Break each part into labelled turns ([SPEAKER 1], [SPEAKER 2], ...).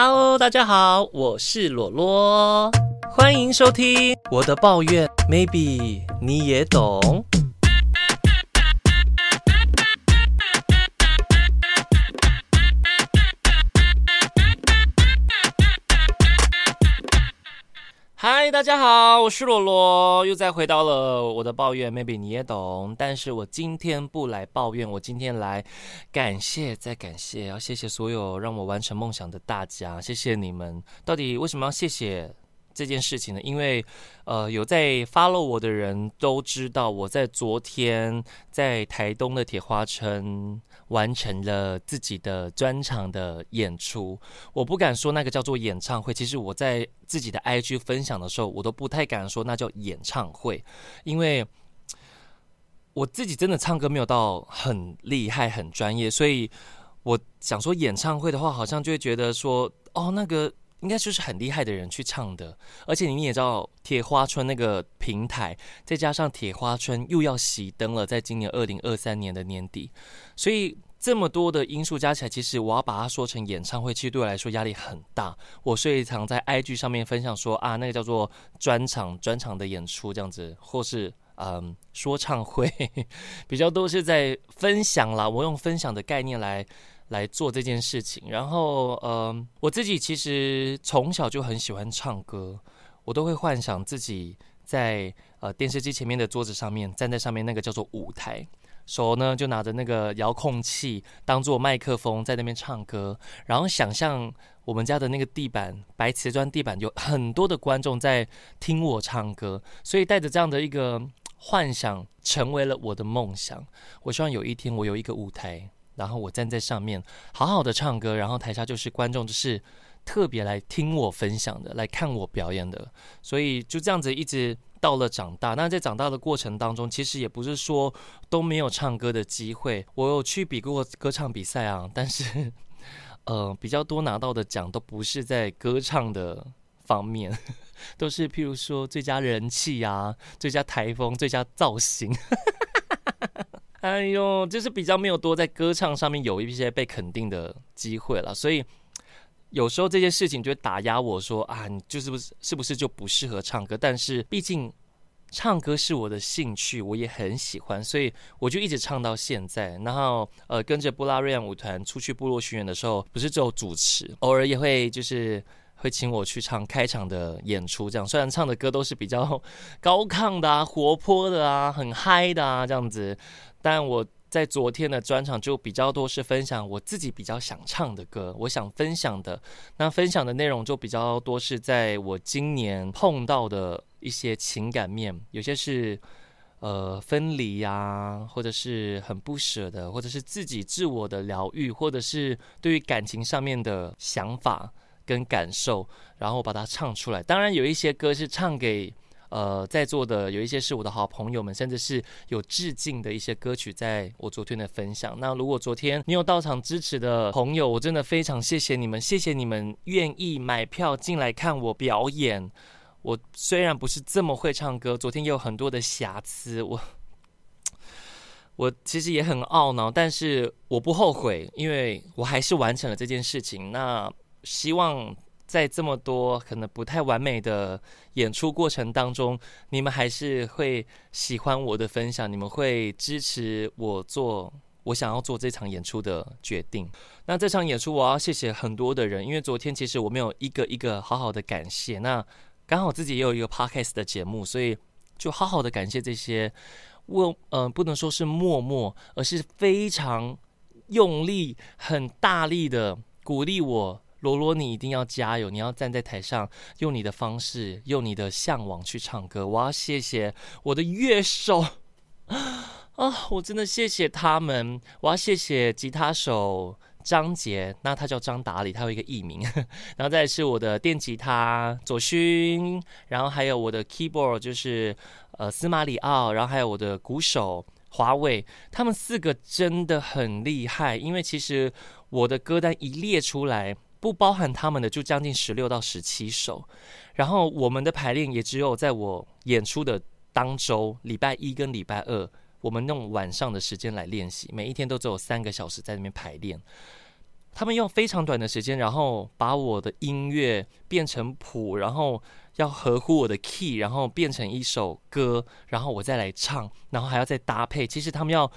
[SPEAKER 1] 哈嘍，Hello, 大家好，我是羅羅，歡迎收聽我的抱怨，maybe 你也懂。大家好，我是羅羅，又再回到了我的抱怨，Maybe 你也懂，但是我今天不來抱怨，我今天來感謝，再感謝，要謝謝所有讓我完成夢想的大家，謝謝你們，到底為什麼要謝謝？這件事情呢，因為，呃，有在 follow 我的人都知道，我在昨天在台東的鐵花村完成了自己的專場的演出。我不敢說那個叫做演唱會，其實我在自己的 IG 分享的時候，我都不太敢說那叫演唱會，因為我自己真的唱歌沒有到很厲害、很專業，所以我想說演唱會的話，好像就會覺得說，哦，那個。應該就是很厲害的人去唱的，而且你們也知道鐵花村那個平台，再加上鐵花村又要熄燈了，在今年二零二三年的年底，所以這麼多的因素加起來，其實我要把它說成演唱會，其實對我來說壓力很大。我所以常在 IG 上面分享說啊，那個叫做專場、專場的演出這樣子，或是嗯說唱會，呵呵比較多，是在分享啦。我用分享的概念來。來做這件事情，然後，嗯、呃，我自己其實從小就很喜歡唱歌，我都會幻想自己在呃電視機前面的桌子上面，站在上面那個叫做舞台，手呢就拿着那個遙控器當做麥克風在那邊唱歌，然後想象我們家的那個地板白瓷磚地板有很多的觀眾在聽我唱歌，所以帶着這樣的一個幻想成為了我的夢想。我希望有一天我有一個舞台。然後我站在上面，好好的唱歌，然後台下就是觀眾，就是特別來聽我分享的，來看我表演的。所以就這樣子，一直到了長大。那在長大的過程當中，其實也不是說都沒有唱歌的機會，我有去比過歌唱比賽啊。但是，呃，比較多拿到的獎都不是在歌唱的方面，都是譬如說最佳人氣啊、最佳台風、最佳造型。哎呦，就是比較沒有多在歌唱上面有一些被肯定的機會了，所以有時候這些事情就會打壓我說啊，你就是不是是不是就不適合唱歌？但是畢竟唱歌是我的興趣，我也很喜歡，所以我就一直唱到現在。然後呃，跟着布拉瑞揚舞團出去部落巡演的時候，不是只有主持，偶爾也會就是會請我去唱開場的演出，這樣雖然唱的歌都是比較高亢的啊、活潑的啊、很嗨的啊這樣子。但我在昨天的專場就比較多是分享我自己比較想唱的歌，我想分享的那，分享的內容就比較多是在我今年碰到的一些情感面，有些是呃分離呀、啊，或者是很不捨的，或者是自己自我的療癒，或者是對於感情上面的想法跟感受，然後我把它唱出來。當然有一些歌是唱給。呃，在座的有一些是我的好朋友們，甚至是有致敬的一些歌曲，在我昨天的分享。那如果昨天你有到場支持的朋友，我真的非常謝謝你們，謝謝你們願意買票進來看我表演。我雖然不是這麼會唱歌，昨天也有很多的瑕疵，我我其實也很懊惱，但是我不後悔，因為我還是完成了這件事情。那希望。在這麼多可能不太完美的演出過程當中，你們還是會喜歡我的分享，你們會支持我做我想要做這場演出的決定。那這場演出，我要謝謝很多的人，因為昨天其實我沒有一個一個好好的感謝。那剛好自己也有一個 Podcast 的節目，所以就好好的感謝這些。我嗯、呃，不能說是默默，而是非常用力、很大力的鼓勵我。羅羅，你一定要加油！你要站在台上，用你的方式，用你的向往去唱歌。我要謝謝我的樂手啊、哦，我真的謝謝他們。我要謝謝吉他手張杰，那他叫張達里，他有一個藝名。 然後再是我的電吉他左勳，然後還有我的 keyboard 就是呃司馬里奧，然後還有我的鼓手華為。他們四個真的很厲害。因為其實我的歌單一列出來。不包含他們的就將近十六到十七首，然後我們的排練也只有在我演出的當週，禮拜一跟禮拜二，我們用晚上的時間來練習，每一天都只有三個小時在那邊排練。他們用非常短的時間，然後把我的音樂變成譜，然後要合乎我的 key，然後變成一首歌，然後我再來唱，然後還要再搭配。其實他們要。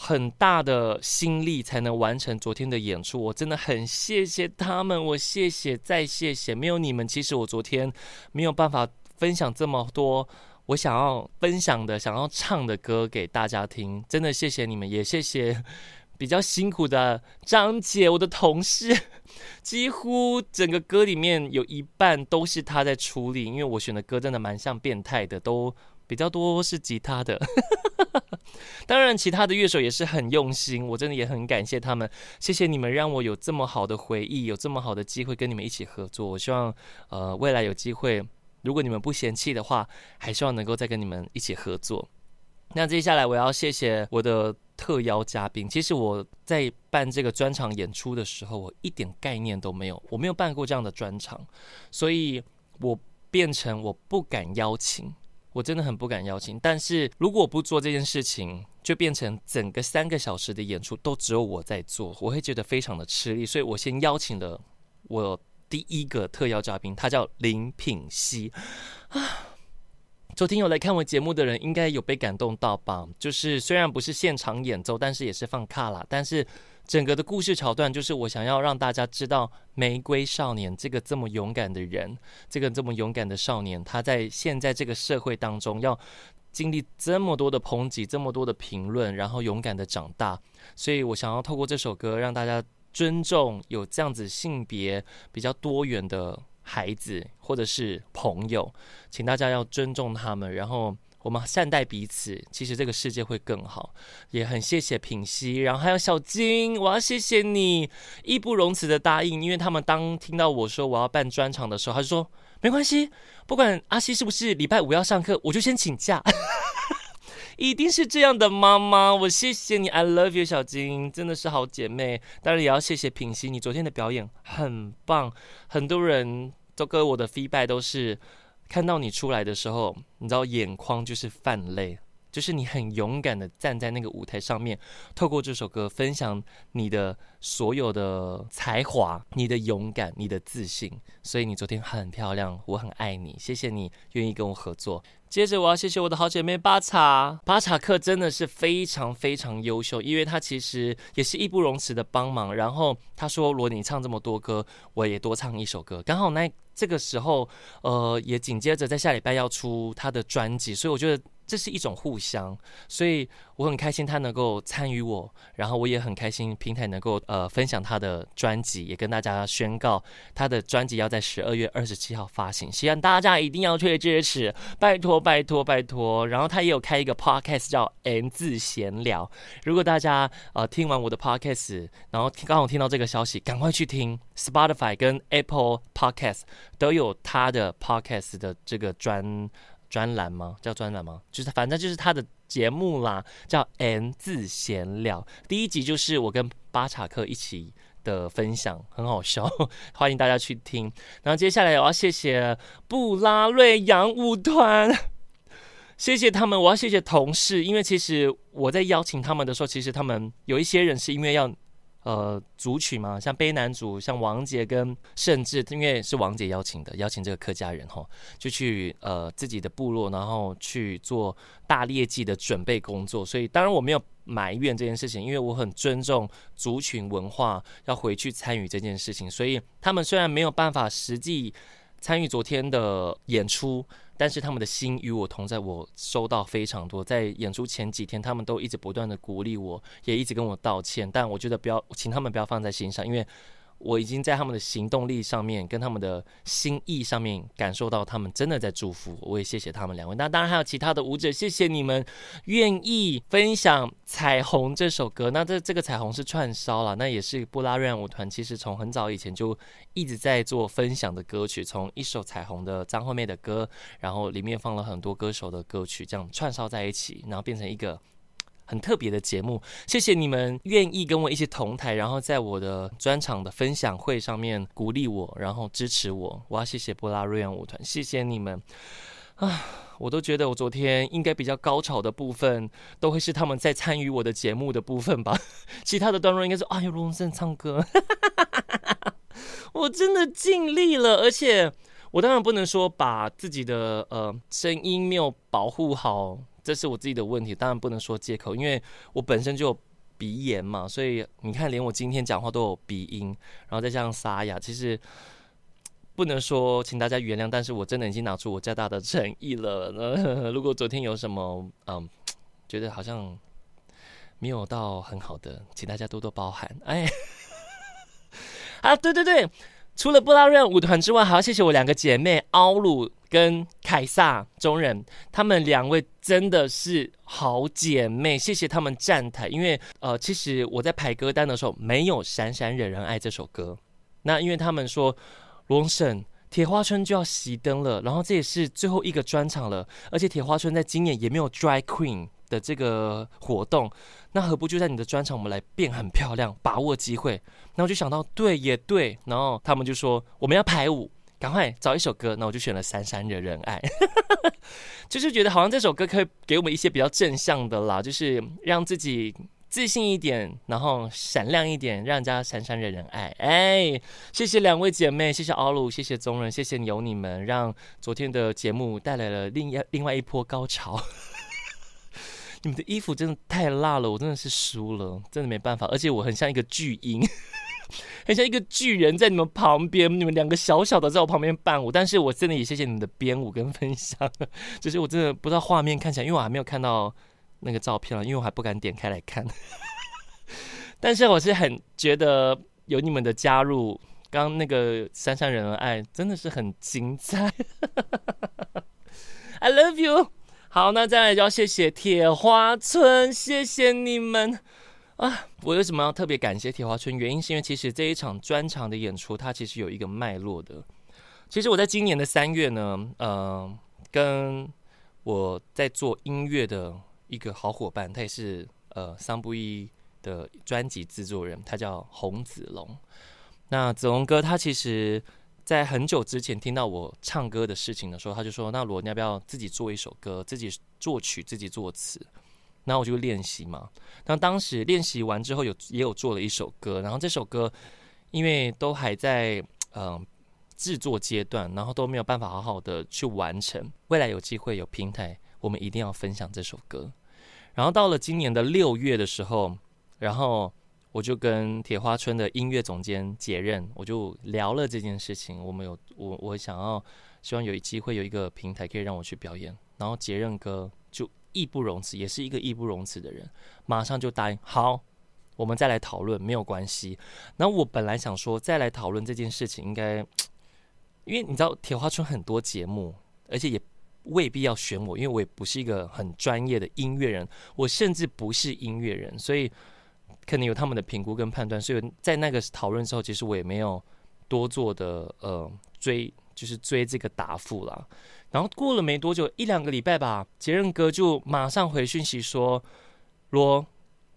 [SPEAKER 1] 很大的心力才能完成昨天的演出，我真的很謝謝他們，我謝謝再謝謝，沒有你們，其實我昨天沒有辦法分享這麼多我想要分享的、想要唱的歌給大家聽，真的謝謝你們，也謝謝比較辛苦的張姐，我的同事，幾乎整個歌裡面有一半都是她在處理，因為我選的歌真的蠻像變態的，都。比較多是吉他的。 當然其他的樂手也是很用心，我真的也很感謝他們，謝謝你們讓我有這麼好的回憶，有這麼好的機會跟你們一起合作。我希望，呃，未來有機會，如果你們不嫌棄的話，還希望能夠再跟你們一起合作。那接下來我要謝謝我的特邀嘉賓。其實我在辦這個專場演出的時候，我一點概念都沒有，我沒有辦過這樣的專場，所以我變成我不敢邀請。我真的很不敢邀請，但是如果不做這件事情，就變成整個三個小時的演出都只有我在做，我會覺得非常的吃力。所以我先邀請了我第一個特邀嘉賓，他叫林品希。啊，昨天有來看我節目的人，應該有被感動到吧？就是雖然不是現場演奏，但是也是放卡啦，但是。整個的故事橋段就是我想要讓大家知道，玫瑰少年這個這麼勇敢的人，這個這麼勇敢的少年，他在現在這個社會當中要經歷這麼多的抨擊，這麼多的評論，然後勇敢地長大。所以我想要透過這首歌，讓大家尊重有這樣子性別比較多元的孩子或者是朋友，請大家要尊重他們，然後。我們善待彼此，其實這個世界會更好。也很謝謝品希，然後還有小金，我要謝謝你義不容辭的答應。因為他們當聽到我說我要辦專場的時候，他就說沒關係，不管阿西是不是禮拜五要上課，我就先請假。 一定是這樣的，媽媽，我謝謝你，I love you，小金真的是好姐妹。當然也要謝謝品希，你昨天的表演很棒，很多人都跟我的 feedback 都是。看到你出來的時候，你知道眼眶就是泛淚，就是你很勇敢的站在那個舞台上面，透過這首歌分享你的所有的才華、你的勇敢、你的自信。所以你昨天很漂亮，我很愛你，謝謝你願意跟我合作。接着我要謝謝我的好姐妹巴查，巴查克真的是非常非常優秀，因為他其實也是義不容辭的幫忙。然後他說：“如果你唱這麼多歌，我也多唱一首歌。”剛好那。這個時候，呃，也緊接着在下禮拜要出他的專輯，所以我覺得。這是一種互相，所以我很開心他能夠參與我，然後我也很開心平台能夠呃分享他的專輯，也跟大家宣告他的專輯要在十二月二十七號發行，希望大家一定要去支持，拜託拜託拜託。然後他也有開一個 podcast 叫 “N 字閒聊”，如果大家呃聽完我的 podcast，然後剛好聽到這個消息，趕快去聽 Spotify 跟 Apple Podcast 都有他的 podcast 的這個專。專欄嗎？叫專欄嗎？就是反正就是他的節目啦，叫 “N 字閒聊”。第一集就是我跟巴查克一起的分享，很好笑，歡迎大家去聽。然後接下來我要謝謝布拉瑞揚舞團，謝謝他們。我要謝謝同事，因為其實我在邀請他們的時候，其實他們有一些人是因為要。呃，族群嘛，像卑南族，像王杰跟，甚至因為是王杰邀請的，邀請這個客家人哈、哦，就去呃自己的部落，然後去做大獵祭的準備工作。所以當然我沒有埋怨這件事情，因為我很尊重族群文化，要回去參與這件事情。所以他們雖然沒有辦法實際參與昨天的演出。但是他們的心與我同在，我收到非常多，在演出前幾天，他們都一直不斷的鼓勵我，也一直跟我道歉，但我覺得不要，請他們不要放在心上，因為我已經在他們的行動力上面，跟他們的心意上面，感受到他們真的在祝福。我也謝謝他們兩位。那當然還有其他的舞者，謝謝你們願意分享《彩虹》這首歌。那這這個《彩虹》是串燒啦，那也是布拉瑞揚舞團其實從很早以前就一直在做分享的歌曲，從一首《彩虹》的張惠妹的歌，然後裡面放了很多歌手的歌曲，這樣串燒在一起，然後變成一個。很特別的節目，謝謝你們願意跟我一起同台，然後在我的專場的分享會上面鼓勵我，然後支持我。我要謝謝布拉瑞揚舞團，謝謝你們啊！我都覺得我昨天應該比較高潮的部分，都會是他們在參與我的節目的部分吧。 其他的段落應該是哎呦，龍、啊、文正唱歌， 我真的盡力了，而且我當然不能說把自己的呃聲音沒有保護好。這是我自己的問題，當然不能說借口，因為我本身就有鼻炎嘛，所以你看，連我今天講話都有鼻音，然後再加上沙啞，其實不能說請大家原諒，但是我真的已經拿出我最大的誠意了呵呵。如果昨天有什麼嗯，覺得好像沒有到很好的，請大家多多包涵。哎， 啊，對對對。除了布拉瑞揚舞團之外，還要謝謝我兩個姐妹奧魯跟凱撒中人，她們兩位真的是好姐妹，謝謝她們站台。因為呃，其實我在排歌單的時候沒有《閃閃惹人愛》這首歌，那因為她們說羅勝鐵花村就要熄燈了，然後這也是最後一個專場了，而且鐵花村在今年也沒有 Drag Queen 的這個活動，那何不就在你的專場，我們來變很漂亮，把握機會？那我就想到，對，也對。然後他們就說，我們要排舞，趕快找一首歌。那我就選了《閃閃惹人愛》， 就是覺得好像這首歌可以給我們一些比較正向的啦，就是讓自己自信一點，然後閃亮一點，讓人家閃閃惹人愛。哎，謝謝兩位姐妹，謝謝奧魯，謝謝宗人，謝謝你有你們，讓昨天的節目帶來了另一另外一波高潮。你們的衣服真的太辣了，我真的是輸了，真的沒辦法。而且我很像一個巨嬰，很像一個巨人，在你們旁邊，你們兩個小小的在我旁邊伴舞。但是我真的也謝謝你們的編舞跟分享，就是我真的不知道畫面看起來，因為我還沒有看到那個照片了，因為我還不敢點開來看。呵呵，但是我是很覺得有你們的加入，剛那個《三三人的愛》真的是很精彩。呵呵 I love you。好，那再來就要謝謝鐵花村，謝謝你們啊！我為什麼要特別感謝鐵花村？原因是因為其實這一場專場的演出，它其實有一個脈絡的。其實我在今年的三月呢，嗯、呃，跟我在做音樂的一個好夥伴，他也是呃桑布依的專輯製作人，他叫洪子龍。那子龍哥，他其實。在很久之前聽到我唱歌的事情的時候，他就說：“那羅，你要不要自己做一首歌，自己作曲，自己作詞？”那我就練習嘛。那當時練習完之後有，有也有做了一首歌。然後這首歌因為都還在嗯呃、製作階段，然後都沒有辦法好好的去完成。未來有機會有平台，我們一定要分享這首歌。然後到了今年的六月的時候，然後。我就跟鐵花村的音樂總監捷任，我就聊了這件事情。我們有我，我想要希望有一機會有一個平台可以讓我去表演。然後捷任哥就義不容辭，也是一個義不容辭的人，馬上就答應。好，我們再來討論，沒有關係。然後我本來想說再來討論這件事情應，應該因為你知道鐵花村很多節目，而且也未必要選我，因為我也不是一個很專業的音樂人，我甚至不是音樂人，所以。肯定有他們的評估跟判斷，所以，在那個討論之後，其實我也沒有多做的呃追，就是追這個答覆啦。然後過了沒多久，一兩個禮拜吧，杰任哥就馬上回訊息說，羅。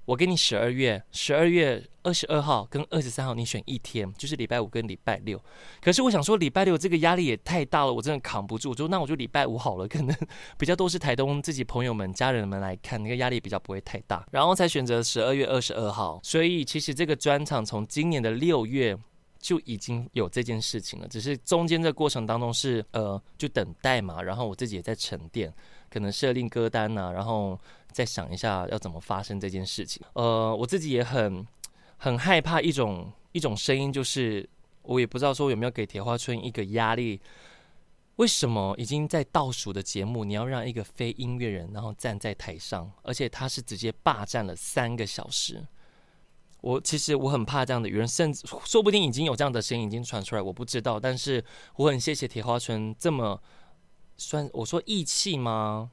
[SPEAKER 1] 我給你十二月十二月二十二號跟二十三號，你選一天，就是禮拜五跟禮拜六。可是我想說，禮拜六這個壓力也太大了，我真的扛不住。就那我就禮拜五好了，可能比較多是台東自己朋友們、家人們來看，那個壓力比較不會太大。然後才選擇十二月二十二號。所以其實這個專場從今年的六月就已經有這件事情了，只是中間這過程當中是呃就等待嘛，然後我自己也在沉澱。可能設定歌單吶、啊，然後再想一下要怎麼發生這件事情。呃，我自己也很很害怕一種一種聲音，就是我也不知道說有沒有給鐵花村一個壓力。為什麼已經在倒數的節目，你要讓一個非音樂人然後站在台上，而且他是直接霸占了三個小時？我其實我很怕這樣的輿論，甚至說不定已經有這樣的聲音已經傳出來，我不知道。但是我很謝謝鐵花村這麼。算我說義氣嗎？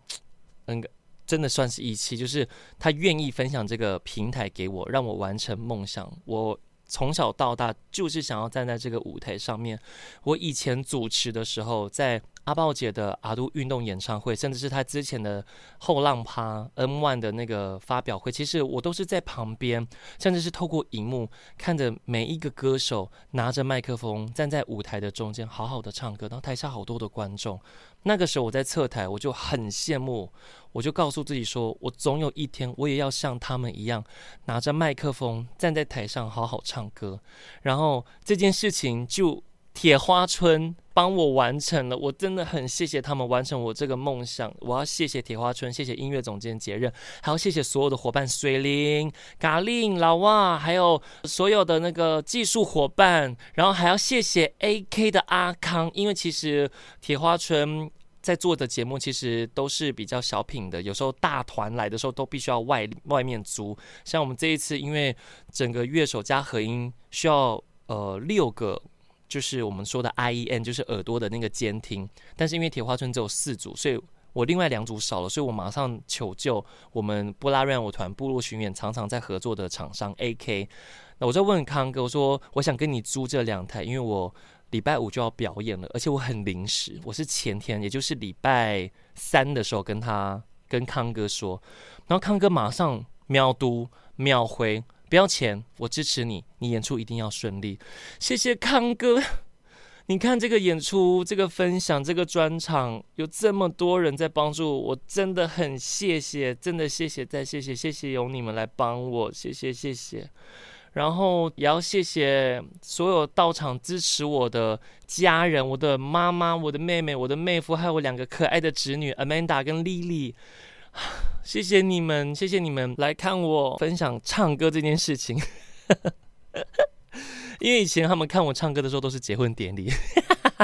[SPEAKER 1] 那個、嗯、真的算是義氣，就是他願意分享這個平台給我，讓我完成夢想。我從小到大就是想要站在這個舞台上面。我以前主持的時候，在阿爆姐的阿都運動演唱會，甚至是他之前的後浪趴 N one 的那個發表會，其實我都是在旁邊，甚至是透過熒幕看着每一個歌手拿着麥克風站在舞台的中間，好好的唱歌。然後台下好多的觀眾，那個時候我在側台，我就很羨慕，我就告訴自己說，我總有一天我也要像他們一樣，拿着麥克風站在台上好好唱歌。然後這件事情就。鐵花村幫我完成了，我真的很謝謝他們完成我這個夢想。我要謝謝鐵花村，謝謝音樂總監杰任，還要謝謝所有的夥伴水靈、咖喱、老哇，還有所有的那個技術夥伴，然後還要謝謝 AK 的阿康。因為其實鐵花村在做的節目其實都是比較小品的，有時候大團來的時候都必須要外外面租。像我們這一次，因為整個樂手加和音需要呃六個。就是我們說的 IEN，就是耳朵的那個監聽。但是因為鐵花村只有四組，所以我另外兩組少了，所以我馬上求救我們布拉瑞揚舞團部落巡演常常在合作的廠商 AK。那我就問康哥，我說我想跟你租這兩台，因為我禮拜五就要表演了，而且我很臨時，我是前天，也就是禮拜三的時候跟他跟康哥說，然後康哥馬上秒讀秒回。不要錢，我支持你，你演出一定要順利。謝謝康哥，你看這個演出，這個分享，這個專場，有這麼多人在幫助我，真的很謝謝，真的謝謝，再謝謝，謝謝有你們來幫我，謝謝謝謝。然後也要謝謝所有到場支持我的家人，我的媽媽，我的妹妹，我的妹夫，還有我兩個可愛的侄女 Amanda 跟 Lily 謝謝你們，謝謝你們來看我分享唱歌這件事情。 因為以前他們看我唱歌的時候都是結婚典禮，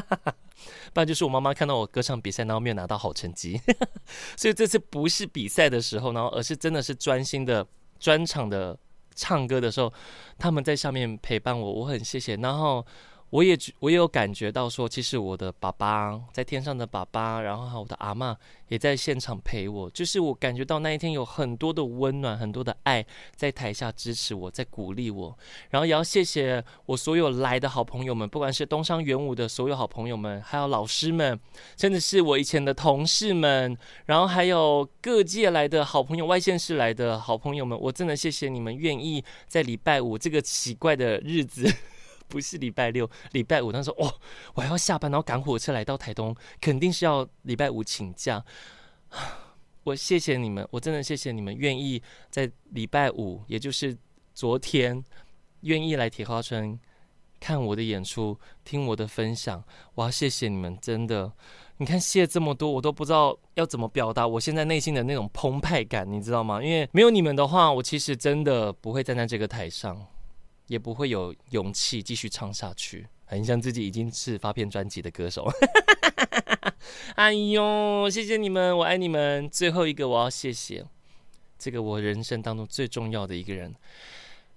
[SPEAKER 1] 不然就是我媽媽看到我歌唱比賽，然後沒有拿到好成績。 所以這次不是比賽的時候，然後而是真的是專心的，專場的唱歌的時候，他們在下面陪伴我，我很謝謝。然後。我也我也有感覺到說，其實我的爸爸在天上的爸爸，然後還有我的阿嬤也在現場陪我，就是我感覺到那一天有很多的溫暖，很多的愛在台下支持我，在鼓勵我。然後也要謝謝我所有來的好朋友們，不管是東山元武的所有好朋友們，還有老師們，甚至是我以前的同事們，然後還有各界來的好朋友，外縣市來的好朋友們，我真的謝謝你們願意在禮拜五這個奇怪的日子。不是禮拜六，禮拜五他說：「哦，我還要下班，然後趕火車來到台東，肯定是要禮拜五請假。我謝謝你們，我真的謝謝你們，願意在禮拜五，也就是昨天，願意來鐵花村看我的演出，聽我的分享。我要謝謝你們，真的，你看謝這麼多，我都不知道要怎麼表達我現在內心的那種澎湃感，你知道嗎？因為沒有你們的話，我其實真的不會站在這個台上。也不會有勇氣繼續唱下去，很像自己已經是發片專輯的歌手。 哎呦，謝謝你們，我愛你們。最後一個，我要謝謝這個我人生當中最重要的一個人，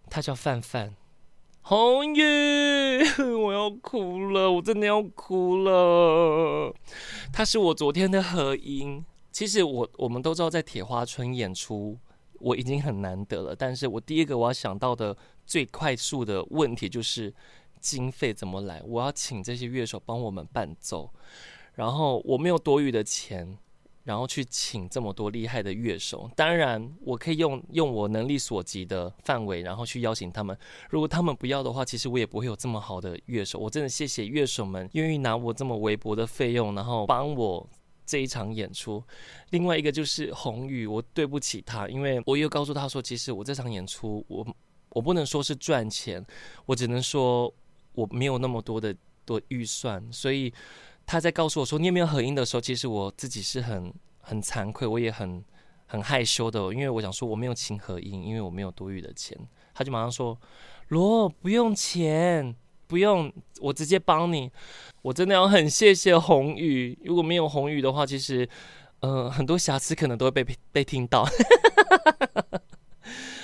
[SPEAKER 1] 他叫范范紅玉，Oh, yeah! 我要哭了，我真的要哭了。他是我昨天的合音。其實我我們都知道，在鐵花村演出。我已經很難得了，但是我第一個我要想到的最快速的問題就是經費怎麼來？我要請這些樂手幫我們伴奏，然後我沒有多餘的錢，然後去請這麼多厲害的樂手。當然，我可以用用我能力所及的範圍，然後去邀請他們。如果他們不要的話，其實我也不會有這麼好的樂手。我真的謝謝樂手們願意拿我這麼微薄的費用，然後幫我，這一場演出，另外一個就是宏宇，我對不起他，因為我又告訴他說，其實我這場演出我，我我不能說是賺錢，我只能說我沒有那麼多的多預算，所以他在告訴我說你有沒有合音的時候，其實我自己是很很慚愧，我也很很害羞的，因為我想說我沒有請合音，因為我沒有多餘的錢，他就馬上說羅不用錢。不用，我直接幫你。我真的要很謝謝宏宇，如果沒有宏宇的話，其實，嗯、呃，很多瑕疵可能都會被被聽到。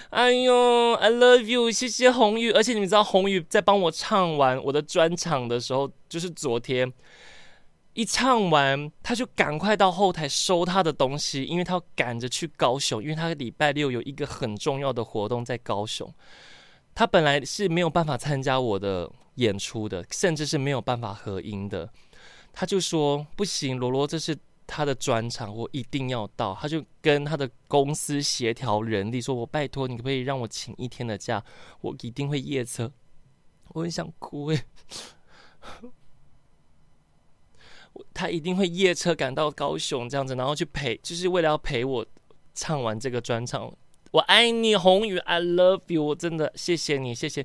[SPEAKER 1] 哎呦，I love you，謝謝宏宇。而且你們知道，宏宇在幫我唱完我的專場的時候，就是昨天一唱完，他就趕快到後台收他的東西，因為他要趕着去高雄，因為他禮拜六有一個很重要的活動在高雄。他本來是沒有辦法參加我的。演出的，甚至是沒有辦法合音的，他就說不行，羅羅這是他的專場，我一定要到。他就跟他的公司協調人力，說我拜托你可不可以讓我請一天的假，我一定會夜車。我很想哭哎， 他一定會夜車趕到高雄這樣子，然後去陪，就是為了要陪我唱完這個專場。我愛你，宏宇，I love you，我真的謝謝你，謝謝。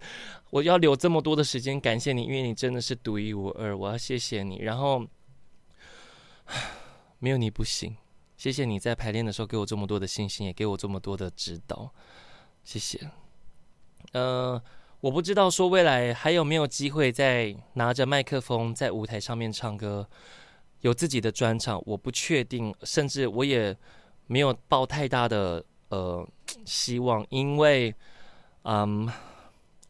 [SPEAKER 1] 我要留這麼多的時間感謝你，因為你真的是獨一無二。我要謝謝你，然後沒有你不行。謝謝你在排練的時候給我這麼多的信心，也給我這麼多的指導。謝謝。呃，我不知道說未來還有沒有機會再拿着麥克風在舞台上面唱歌，有自己的專場，我不確定，甚至我也沒有抱太大的呃希望，因為嗯。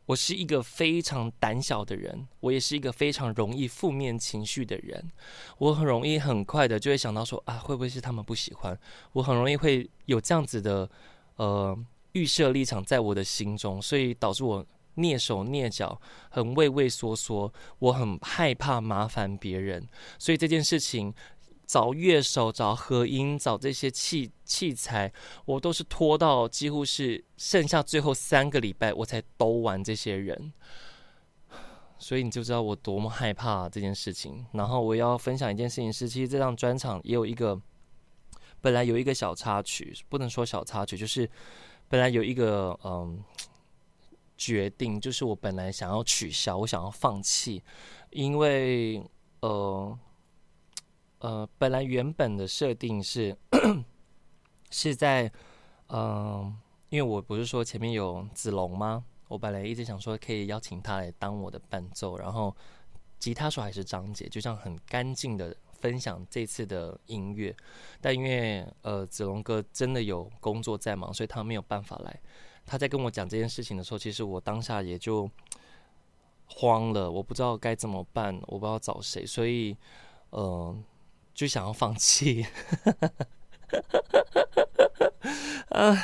[SPEAKER 1] 我是一個非常膽小的人，我也是一個非常容易負面情緒的人。我很容易很快的就會想到說，啊，會不會是他們不喜歡我？很容易會有這樣子的，呃，預設立場在我的心中，所以導致我躡手躡腳，很畏畏縮縮，我很害怕麻煩別人，所以這件事情。找樂手、找和音、找這些器器材，我都是拖到幾乎是剩下最後三個禮拜，我才兜完這些人。所以你就知道我多麼害怕這件事情。然後我要分享一件事情是，其實這張專場也有一個，本來有一個小插曲，不能說小插曲，就是本來有一個嗯、呃、決定，就是我本來想要取消，我想要放棄，因為呃。呃，本來原本的設定是 是在，嗯、呃，因為我不是說前面有子龍嗎？我本來一直想說可以邀請他來當我的伴奏，然後吉他手還是張姐，就像很乾淨的分享這次的音樂。但因為呃，子龍哥真的有工作在忙，所以他沒有辦法來。他在跟我講這件事情的時候，其實我當下也就慌了，我不知道該怎麼辦，我不知道找誰，所以，呃就想要放棄，啊！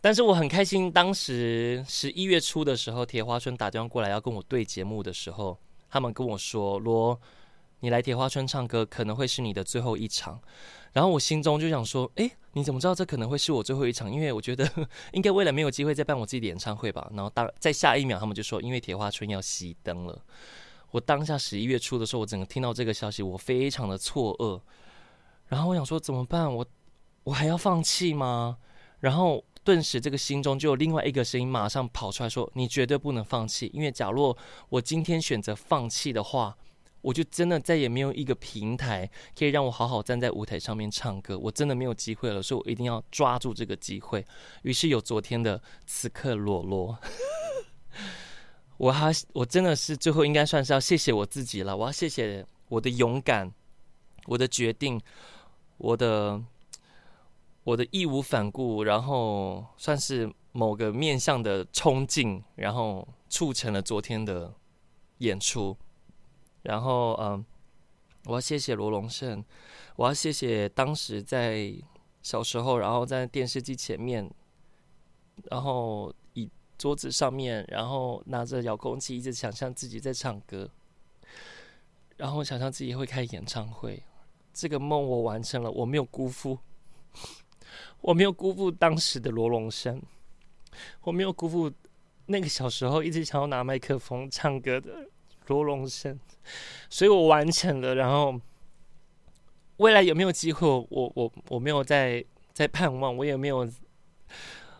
[SPEAKER 1] 但是我很開心，當時十一月初的時候，鐵花村打電話過來要跟我對節目的時候，他們跟我說：“羅，你來鐵花村唱歌，可能會是你的最後一場。”然後我心中就想說：“誒、欸，你怎麼知道這可能會是我最後一場？因為我覺得應該未來沒有機會再辦我自己的演唱會吧。”然後當在下一秒，他們就說：“因為鐵花村要熄燈了。”我當下十一月初的時候，我整個聽到這個消息，我非常的錯愕，然後我想說怎麼辦？我我還要放棄嗎？然後頓時這個心中就有另外一個聲音馬上跑出來說：“你絕對不能放棄，因為假若我今天選擇放棄的話，我就真的再也沒有一個平台可以讓我好好站在舞台上面唱歌，我真的沒有機會了。”所以，我一定要抓住這個機會。於是有昨天的此刻裸裸。我還，我真的是最後應該算是要謝謝我自己了。我要謝謝我的勇敢，我的決定，我的我的義無反顧，然後算是某個面向的衝勁，然後促成了昨天的演出。然後，嗯，我要謝謝羅龍勝，我要謝謝當時在小時候，然後在電視機前面，然後。桌子上面，然後拿着遙控器，一直想象自己在唱歌，然後想象自己會開演唱會。這個夢我完成了，我沒有辜負， 我沒有辜負當時的羅龍生，我沒有辜負那個小時候一直想要拿麥克風唱歌的羅龍生，所以我完成了。然後未來有沒有機會，我我我沒有在在盼望，我也沒有，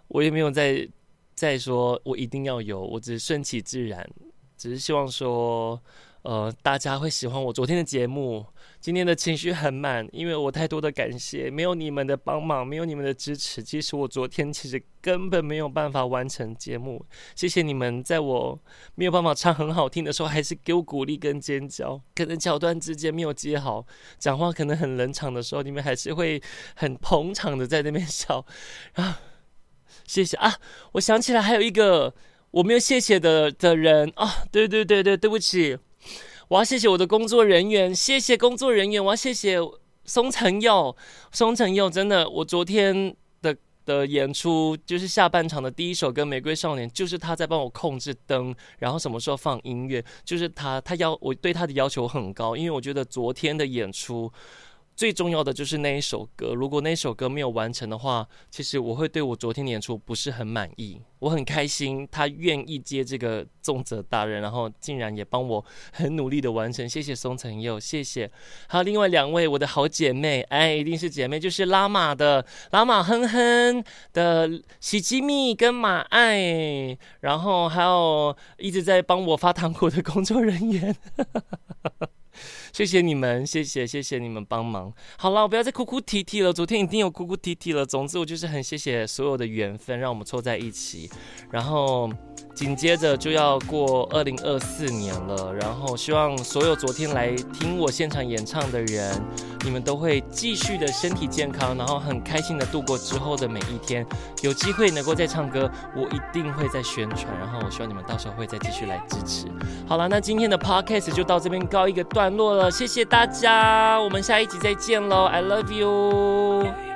[SPEAKER 1] 我也沒有在。再說，我一定要有，我只是順其自然，只是希望說，呃，大家會喜歡我昨天的節目。今天的情緒很滿，因為我太多的感謝，沒有你們的幫忙，沒有你們的支持，其實我昨天其實根本沒有辦法完成節目。謝謝你們，在我沒有辦法唱很好聽的時候，還是給我鼓勵跟尖叫。可能橋段之間沒有接好，講話可能很冷場的時候，你們還是會很捧場的在那邊笑。啊謝謝啊！我想起來還有一個我沒有謝謝的的人啊，對對對對，對不起，我要謝謝我的工作人員。謝謝工作人員，我要謝謝松晨佑，松晨佑真的，我昨天的的演出就是下半場的第一首歌《玫瑰少年》，就是他在幫我控制燈，然後什麼時候放音樂，就是他，他要我對他的要求很高，因為我覺得昨天的演出。最重要的就是那一首歌，如果那一首歌沒有完成的話，其實我會對我昨天的演出不是很滿意。我很開心，他願意接這個重責大任，然後竟然也幫我很努力的完成，謝謝松成佑，謝謝，還有另外兩位我的好姐妹，哎，一定是姐妹，就是拉瑪的拉瑪哼哼的喜基蜜跟馬愛，然後還有一直在幫我發糖果的工作人員。呵呵呵謝謝你們，謝謝謝謝你們幫忙。好了，我不要再哭哭啼啼了。昨天已經有哭哭啼啼了。總之，我就是很謝謝所有的緣分，讓我們湊在一起。然後緊接着就要過二零二四年了。然後希望所有昨天來聽我現場演唱的人，你們都會繼續的身體健康，然後很開心的度過之後的每一天。有機會能夠再唱歌，我一定會再宣傳。然後我希望你們到時候會再繼續來支持。好了，那今天的 Podcast 就到這邊告一個段落了。謝謝大家，我們下一集再見嘍！I love you。